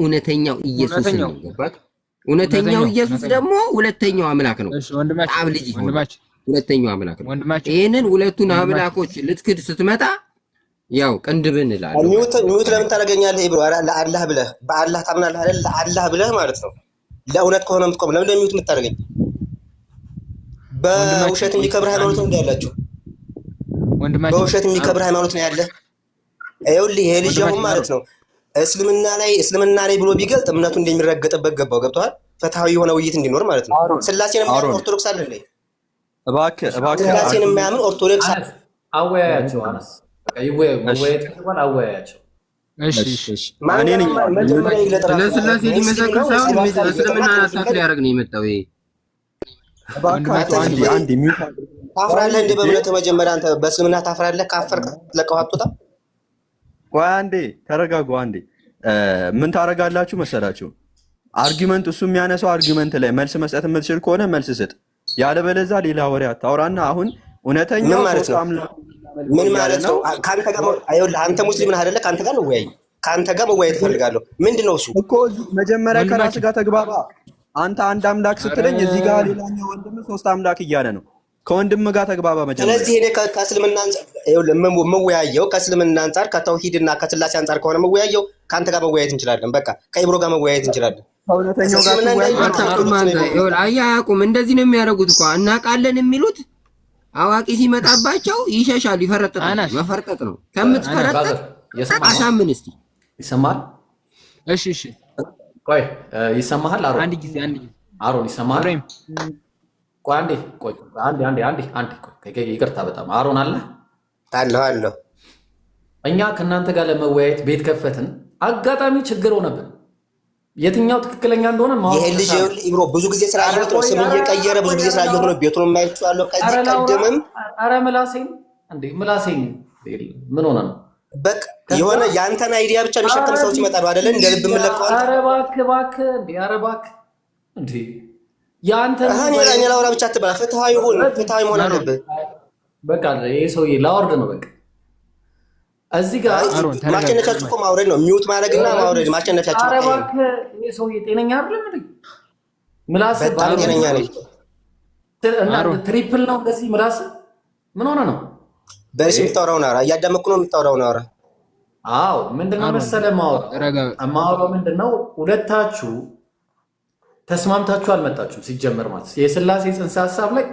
እውነተኛው ኢየሱስ ነው። ገባችሁ? እውነተኛው ኢየሱስ ደግሞ ሁለተኛው አምላክ ነው። አብ ልጅ ሁለተኛው አምላክ ነው። ይህንን ሁለቱን አምላኮች ልትክድ ስትመጣ ያው ቅንድብን እላለሁ። ኒውት ለምን ታደርገኛለህ ብሎ ለአላህ ብለህ በአላህ ታምናለህ አይደል? ለአላህ ብለህ ማለት ነው። ለእውነት ከሆነ የምትቆም ለምን ለሚውት የምታደርገኝ? በውሸት የሚከብር ሃይማኖት ነው ያላችሁ። በውሸት የሚከብር ሃይማኖት ነው ያለ። ይኸውልህ ይሄ ልጅ አሁን ማለት ነው እስልምና ላይ እስልምና ላይ ብሎ ቢገልጥ እምነቱ እንደሚረገጥበት ገባው። ገብተዋል። ፍትሐዊ የሆነ ውይይት እንዲኖር ማለት ነው። ስላሴን የማያምን ኦርቶዶክስ አለ ላይ ስላሴን የማያምን ኦርቶዶክስ አወያያቸው አነስ ይወያየት ከተባል አወያያቸው ለስላሴ ነው የመጣው ይሄ ታፍራለህ እንደ በእምነት መጀመሪያ አንተ በእስልምና ታፍራለህ ካፈር ለቀው አጡታ ቆይ አንዴ ተረጋጉ። አንዴ ምን ታረጋላችሁ መሰላችሁ? አርጊመንት እሱ የሚያነሳው አርጊመንት ላይ መልስ መስጠት የምትችል ከሆነ መልስ ስጥ፣ ያለበለዛ ሌላ ወሬ አታውራና። አሁን እውነተኛው ምን ማለት ነው? ከአንተ ጋር አንተ ሙስሊም ነህ አይደለ? ከአንተ ጋር መወያይ ከአንተ ጋር መወያየት እፈልጋለሁ። ምንድን ነው እሱ እኮ መጀመሪያ ከራስ ጋር ተግባባ። አንተ አንድ አምላክ ስትለኝ እዚህ ጋር ሌላኛው ወንድም ሶስት አምላክ እያለ ነው ከወንድም ጋር ተግባባ መጀመሪያ። ስለዚህ እኔ ከእስልምና መወያየው ከእስልምና አንጻር ከተውሂድና ከስላሴ አንጻር ከሆነ መወያየው ከአንተ ጋር መወያየት እንችላለን። በቃ ከኢብሮ ጋር መወያየት እንችላለን። አያቁም እንደዚህ ነው የሚያደርጉት እኮ እናውቃለን የሚሉት አዋቂ ሲመጣባቸው ይሸሻል፣ ይፈረጠጣል። መፈርጠጥ ነው። ከምትፈረጠጥ አሳምን እስኪ ይሰማል። እሺ፣ እሺ፣ ቆይ ይሰማሃል። አሮን ይሰማል አንዴ ቆይ፣ አንዴ አንዴ አንዴ አንዴ ቆይ፣ ይቅርታ በጣም አሮን አለ አለሁ አለሁ። እኛ ከእናንተ ጋር ለመወያየት ቤት ከፈትን። አጋጣሚ ችግር ሆነብን። የትኛው ትክክለኛ እንደሆነ ማወቅ ይሄ ልጅ ኢብሮ ብዙ ጊዜ ስላየሁት ነው። ስም እየቀየረ ብዙ ጊዜ ስላየሁት ነው። ቤቱን የማይቻለው ከዚህ ቀደምም አረ ምላሴን እንዴ ምላሴን ምን ሆነ ነው በቃ የሆነ ያንተን አይዲያ ብቻ የሚሸከም ሰዎች ይመጣሉ አይደለ? እንደ ልብ የምለቀው አረ እባክህ እባክህ እንዴ አረ እባክህ እንዴ ያንተ እኔ ላውራ ብቻ አትበላ። ፍትሃዊ ሆን ፍትሃዊ መሆን አለብህ። በቃ ይሄ ሰውዬ ላወርድ ነው። በቃ እዚህ ጋር ማሸነፊያችሁ እኮ ማውረድ ነው። ሚውት ማድረግና ማውረድ ማሸነፊያችሁ። ኧረ እባክህ ይሄ ሰውዬ ጤነኛ አይደለም ምላስ በጣም ጤነኛ ነኝ ትሪፕል ነው እንደዚህ ምላስ። ምን ሆነ ነው በርሽ የምታወራውን አውራ። እያዳመኩ ነው የምታወራውን አውራ። አዎ ምንድነው መሰለህ ማውራ ምንድነው ሁለታችሁ ተስማምታችሁ አልመጣችሁም። ሲጀመር ማለት የስላሴ ጽንሰ ሀሳብ ላይ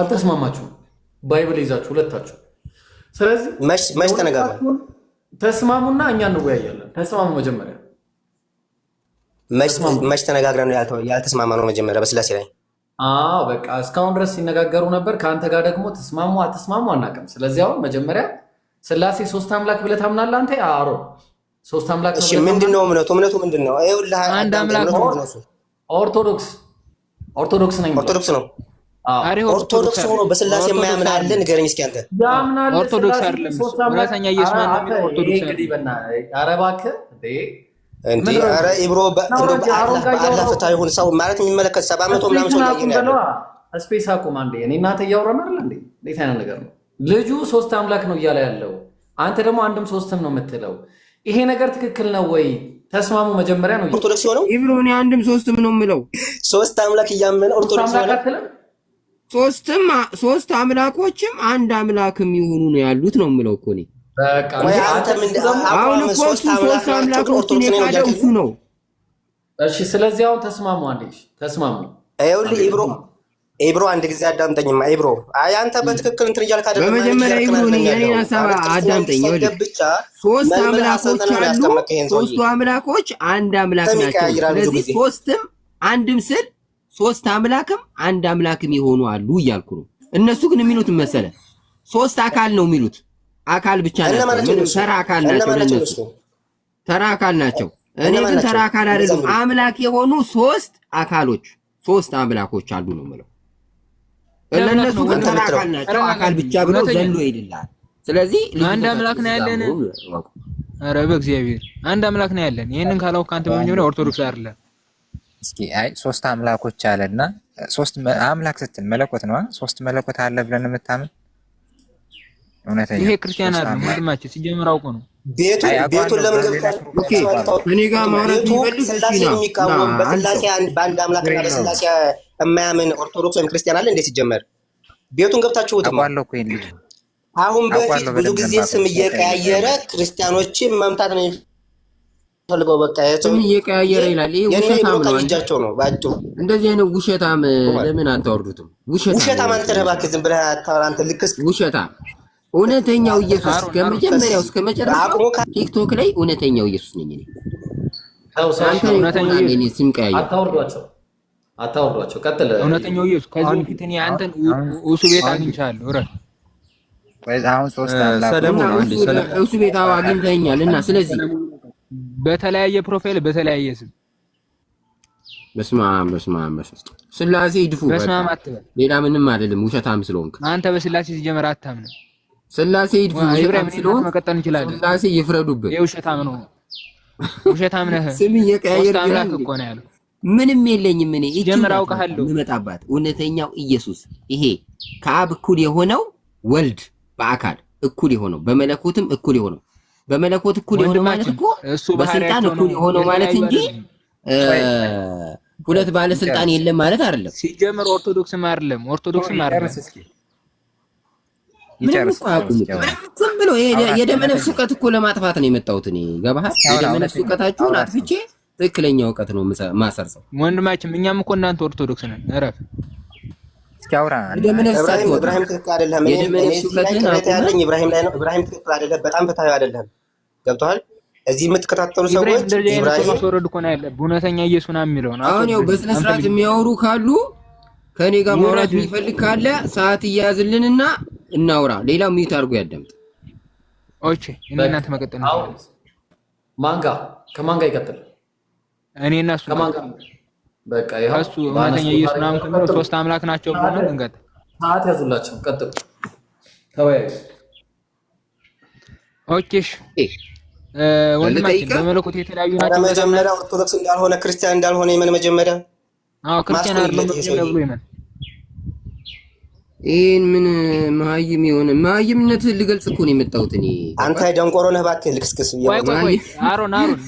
አልተስማማችሁም። ባይብል ይዛችሁ ሁለታችሁ። ስለዚህ መች ተነጋግረን ተስማሙና እኛ እንወያያለን። ተስማሙ። መጀመሪያ መች ተነጋግረን ያልተስማማ ነው? መጀመሪያ በስላሴ ላይ አዎ፣ በቃ እስካሁን ድረስ ሲነጋገሩ ነበር። ከአንተ ጋር ደግሞ ተስማሙ አትስማሙ አናውቅም። ስለዚህ አሁን መጀመሪያ ስላሴ ሶስት አምላክ ብለህ ታምናለህ አንተ? አሮ ሶስት አምላክ። ምንድን ነው እምነቱ? እምነቱ ምንድን ነው? አንድ አምላክ ነው ኦርቶዶክስ ኦርቶዶክስ ነኝ። ኦርቶዶክስ ነው። ኦርቶዶክስ ሆኖ በስላሴ የማያምን አለ? ንገረኝ እስኪ አንተ። ኦርቶዶክስ አይደለም። ኢብሮ ይሁን ሰው ማለት የሚመለከት ሰባ መቶ ምናምን ሰው ስፔስ አቁም አንዴ። እኔ እንዴ? እንዴት አይነት ነገር ነው? ልጁ ሶስት አምላክ ነው እያለ ያለው አንተ ደግሞ አንድም ሶስትም ነው የምትለው። ይሄ ነገር ትክክል ነው ወይ? ተስማሙ። መጀመሪያ ነው ኦርቶዶክስ የሆነው ይብሎ እኔ አንድም ሶስትም ነው የምለው። ሶስት አምላክ እያመነ ኦርቶዶክስ ሆነ። ሶስትም ሶስት አምላኮችም አንድ አምላክም የሆኑ ነው ያሉት ነው የምለው እኮ እኔ። አሁን እኮ እሱ ሶስት አምላኮችን የካደው እሱ ነው። እሺ፣ ስለዚህ አሁን ተስማሙ። አንዴ ተስማሙ። ይኸውልህ ኢብሮ ኤብሮ አንድ ጊዜ አዳምጠኝማ። ኤብሮ አይ አንተ በትክክል እንትን እያልክ አይደለም። በመጀመሪያ ይሁን የኔን ሀሳብ አዳምጠኝ። ይኸውልህ ሶስት አምላኮች አሉ። ሶስቱ አምላኮች አንድ አምላክ ናቸው። ስለዚህ ሶስትም አንድም ስል ሶስት አምላክም አንድ አምላክም የሆኑ አሉ እያልኩ ነው። እነሱ ግን የሚሉት መሰለ ሶስት አካል ነው የሚሉት አካል ብቻ ናቸው። ተራ አካል ናቸው ለእነሱ ተራ አካል ናቸው። እኔ ግን ተራ አካል አይደለም። አምላክ የሆኑ ሶስት አካሎች ሶስት አምላኮች አሉ ነው የምለው ለእነሱ ግን አካል ናቸው። አካል ብቻ ብሎ ዘሎ ይድላል። ስለዚህ አንድ አምላክ ነው ያለን። ኧረ በእግዚአብሔር አንድ አምላክ ነው ያለን። ይህንን ካላውቅ ከአንተ በመጀመሪያ ኦርቶዶክስ አይደለም። እስኪ አይ ሶስት አምላኮች አለና ሶስት አምላክ ስትል መለኮት ነው። ሶስት መለኮት አለ ብለን የምታምን እውነተኛ ይሄ ክርስቲያን አይደለም ወንድማችን፣ ሲጀምር አውቆ ነው ቤቱን ቤቱን ለምን ገብታለህ? እኔ ጋር ማውራት የሚፈልግ ስላሴ የሚቃወም በስላሴ በአንድ አምላክ ስላሴ የማያምን ኦርቶዶክስ ወይም ክርስቲያን አለ እንዴ? ሲጀመር ቤቱን ገብታችሁት አሁን በፊት ብዙ ጊዜ ስም እየቀያየረ ክርስቲያኖችን መምታት ነው ፈልገው በቃ ስም እየቀያየረ ይላል። ይሄ ውሸታም ነው፣ እጃቸው ነው ባጭሩ። እንደዚህ አይነት ውሸታም ለምን አታወርዱትም? ውሸታም አንተ ነህ እባክህ፣ ዝም ብለህ አታወራ አንተ ልክስ። ውሸታም እውነተኛው ኢየሱስ ከመጀመሪያው እስከ መጨረሻው ቲክቶክ ላይ እውነተኛው ኢየሱስ ነኝ እኔ። አንተ እውነተኛ ስም ቀያየረ አታወርዷቸው አታወሯቸው። ቀጥል። እውነተኛው ኢየሱስ ከዚህ በፊት እኔ አንተን እሱ ቤት አግኝቻለሁ። እረ እሱ ቤት አግኝተኸኛል። እና ስለዚህ በተለያየ ፕሮፋይል በተለያየ ስም በስማም በስማም በስማም ስላሴ ይድፉ። በስማም አትበል። ሌላ ምንም አይደለም። ውሸታም ስለሆንክ አንተ በስላሴ ሲጀመር አታምንም። ስላሴ ይድፉ። ኢብራሂም ስለሆንክ መቀጠል እንችላለን። ስላሴ ይፍረዱብህ። የውሸታም ነው። ውሸታም ነህ። ስም እየቀያየር ነው ያለው ምንም የለኝም እኔ ጀምራው ካለው የምመጣባት እውነተኛው ኢየሱስ ይሄ ከአብ እኩል የሆነው ወልድ በአካል እኩል የሆነው በመለኮትም እኩል የሆነው በመለኮት እኩል የሆነው ማለት እኮ በስልጣን እኩል የሆነው ማለት እንጂ ሁለት ባለስልጣን የለም ማለት አይደለም። ሲጀምር ኦርቶዶክስም አይደለም ኦርቶዶክስም አይደለም። ምንም እኮ አያውቁም። ዝም ብሎ የደመነፍስ እውቀት እኮ ለማጥፋት ነው የመጣሁት እኔ። ገባህ? የደመነፍስ እውቀታችሁን አጥፍቼ ትክክለኛ እውቀት ነው ማሰርጸው። ወንድማችን እኛም እኮ እናንተ ኦርቶዶክስ ነን። እረፍ እስኪ አውራ። ኢብራሂም ትክክል አይደለም። ኢብራሂም ላይ ነው። ኢብራሂም ትክክል አይደለም። በጣም ፍትሃዊ አይደለም። ገብቶሃል? እዚህ የምትከታተሉ ሰዎች ኢብራሂም ማስወረድ እኮ ነው ያለ እውነተኛ ኢየሱስ ነው የሚለው ነው። አሁን ያው በስነ ስርዓት የሚያወሩ ካሉ ከኔ ጋር ማውራት የሚፈልግ ካለ ሰዓት እያያዝልንና እናውራ። ሌላ ሚት አድርጎ ያደምጥ። ኦኬ፣ እናንተ መቀጠል ነው። ማን ጋር ከማን ይቀጥል? እኔ እና እሱ በቃ ይሄው እሱ እውነተኛ ኢየሱስ ምናምን ከሆነ ሶስት አምላክ ናቸው ብሎ እንገጥ ሰዓት ያዙላችሁ። ቀጥሉ፣ ተወያዩ። ኦኬሽ እሺ፣ ወንድማችን በመለኮት የተለያዩ ናቸው። መጀመሪያ ኦርቶዶክስ እንዳልሆነ ክርስቲያን እንዳልሆነ ይመን መጀመሪያ አዎ ክርስቲያን አይደለም ብሎ ይመን ይህን ምን መሀይም የሆነ መሀይምነት ልገልጽ እኮ ነው የመጣሁት እኔ። አንተ ደንቆሮ ነህ እባክህ፣ ልክስክስ አሮን አሮን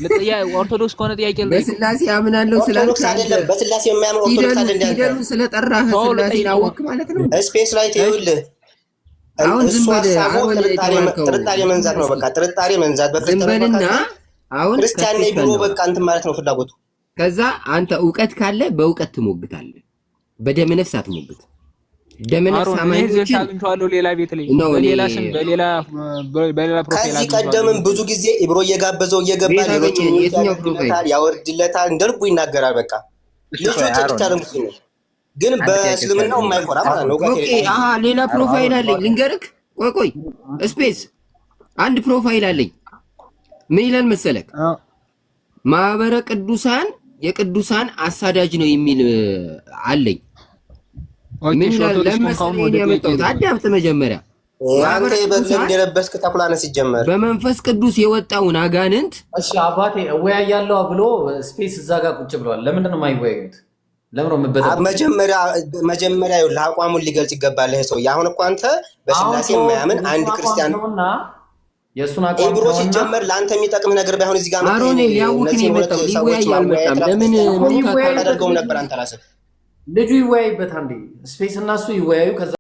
ኦርቶዶክስ ከሆነ ጥያቄ በስላሴ አምናለሁ ስላልክ በስላሴ የማያምን ስለጠራህ ስላሴን አወቅ ማለት ነው። ስፔስ ላይ ይኸውልህ አሁን ዝም በል ጥርጣሬ መንዛት ነው በቃ ጥርጣሬ መንዛት በክርስቲያንና አሁን ክርስቲያን ላይ ብሎ በቃ እንትን ማለት ነው ፍላጎቱ። ከዛ አንተ እውቀት ካለ በእውቀት ትሞግታለህ፣ በደመ ነፍስ አትሞግት። ከዚህ ቀደምም ብዙ ጊዜ ኢብሮ እየጋበዘው እየገባ ሌሎችን ያወርድለታል፣ እንደ ልቡ ይናገራል። በቃ ልጁ ተጫርም ግን በእስልምናው የማይኮራ ማለት ነው። ሌላ ፕሮፋይል አለኝ ልንገርክ። ቆይ ቆይ ስፔስ አንድ ፕሮፋይል አለኝ። ምን ይላል መሰለክ? ማህበረ ቅዱሳን የቅዱሳን አሳዳጅ ነው የሚል አለኝ አዳምጥ መጀመሪያ አንተ የበድን እንደለበስክ ተኩላ ሲጀመር በመንፈስ ቅዱስ የወጣውን አጋንንት እሺ አባቴ እወያያለሁ ብሎ ስፔስ እዛ ጋር ቁጭ ብለዋል። ለምንድን ነው የማይወያዩት? መጀመሪያ አቋሙን ሊገልጽ ይገባል ይሄ ሰውዬ። አሁን እኮ አንተ በስላሴ የማያምን አንድ ክርስቲያን የእሱን አቋም ብሎ ሲጀመር ለአንተ የሚጠቅምህ ነገር ባይሆን እዚህ ጋር ሊያውክን የመጣው ሊወያይ አልመጣም። ለምን ምን ታደርገውም ነበር አንተ ራስህ ልጁ ይወያይበት አንዴ ስፔስ እና እሱ ይወያዩ።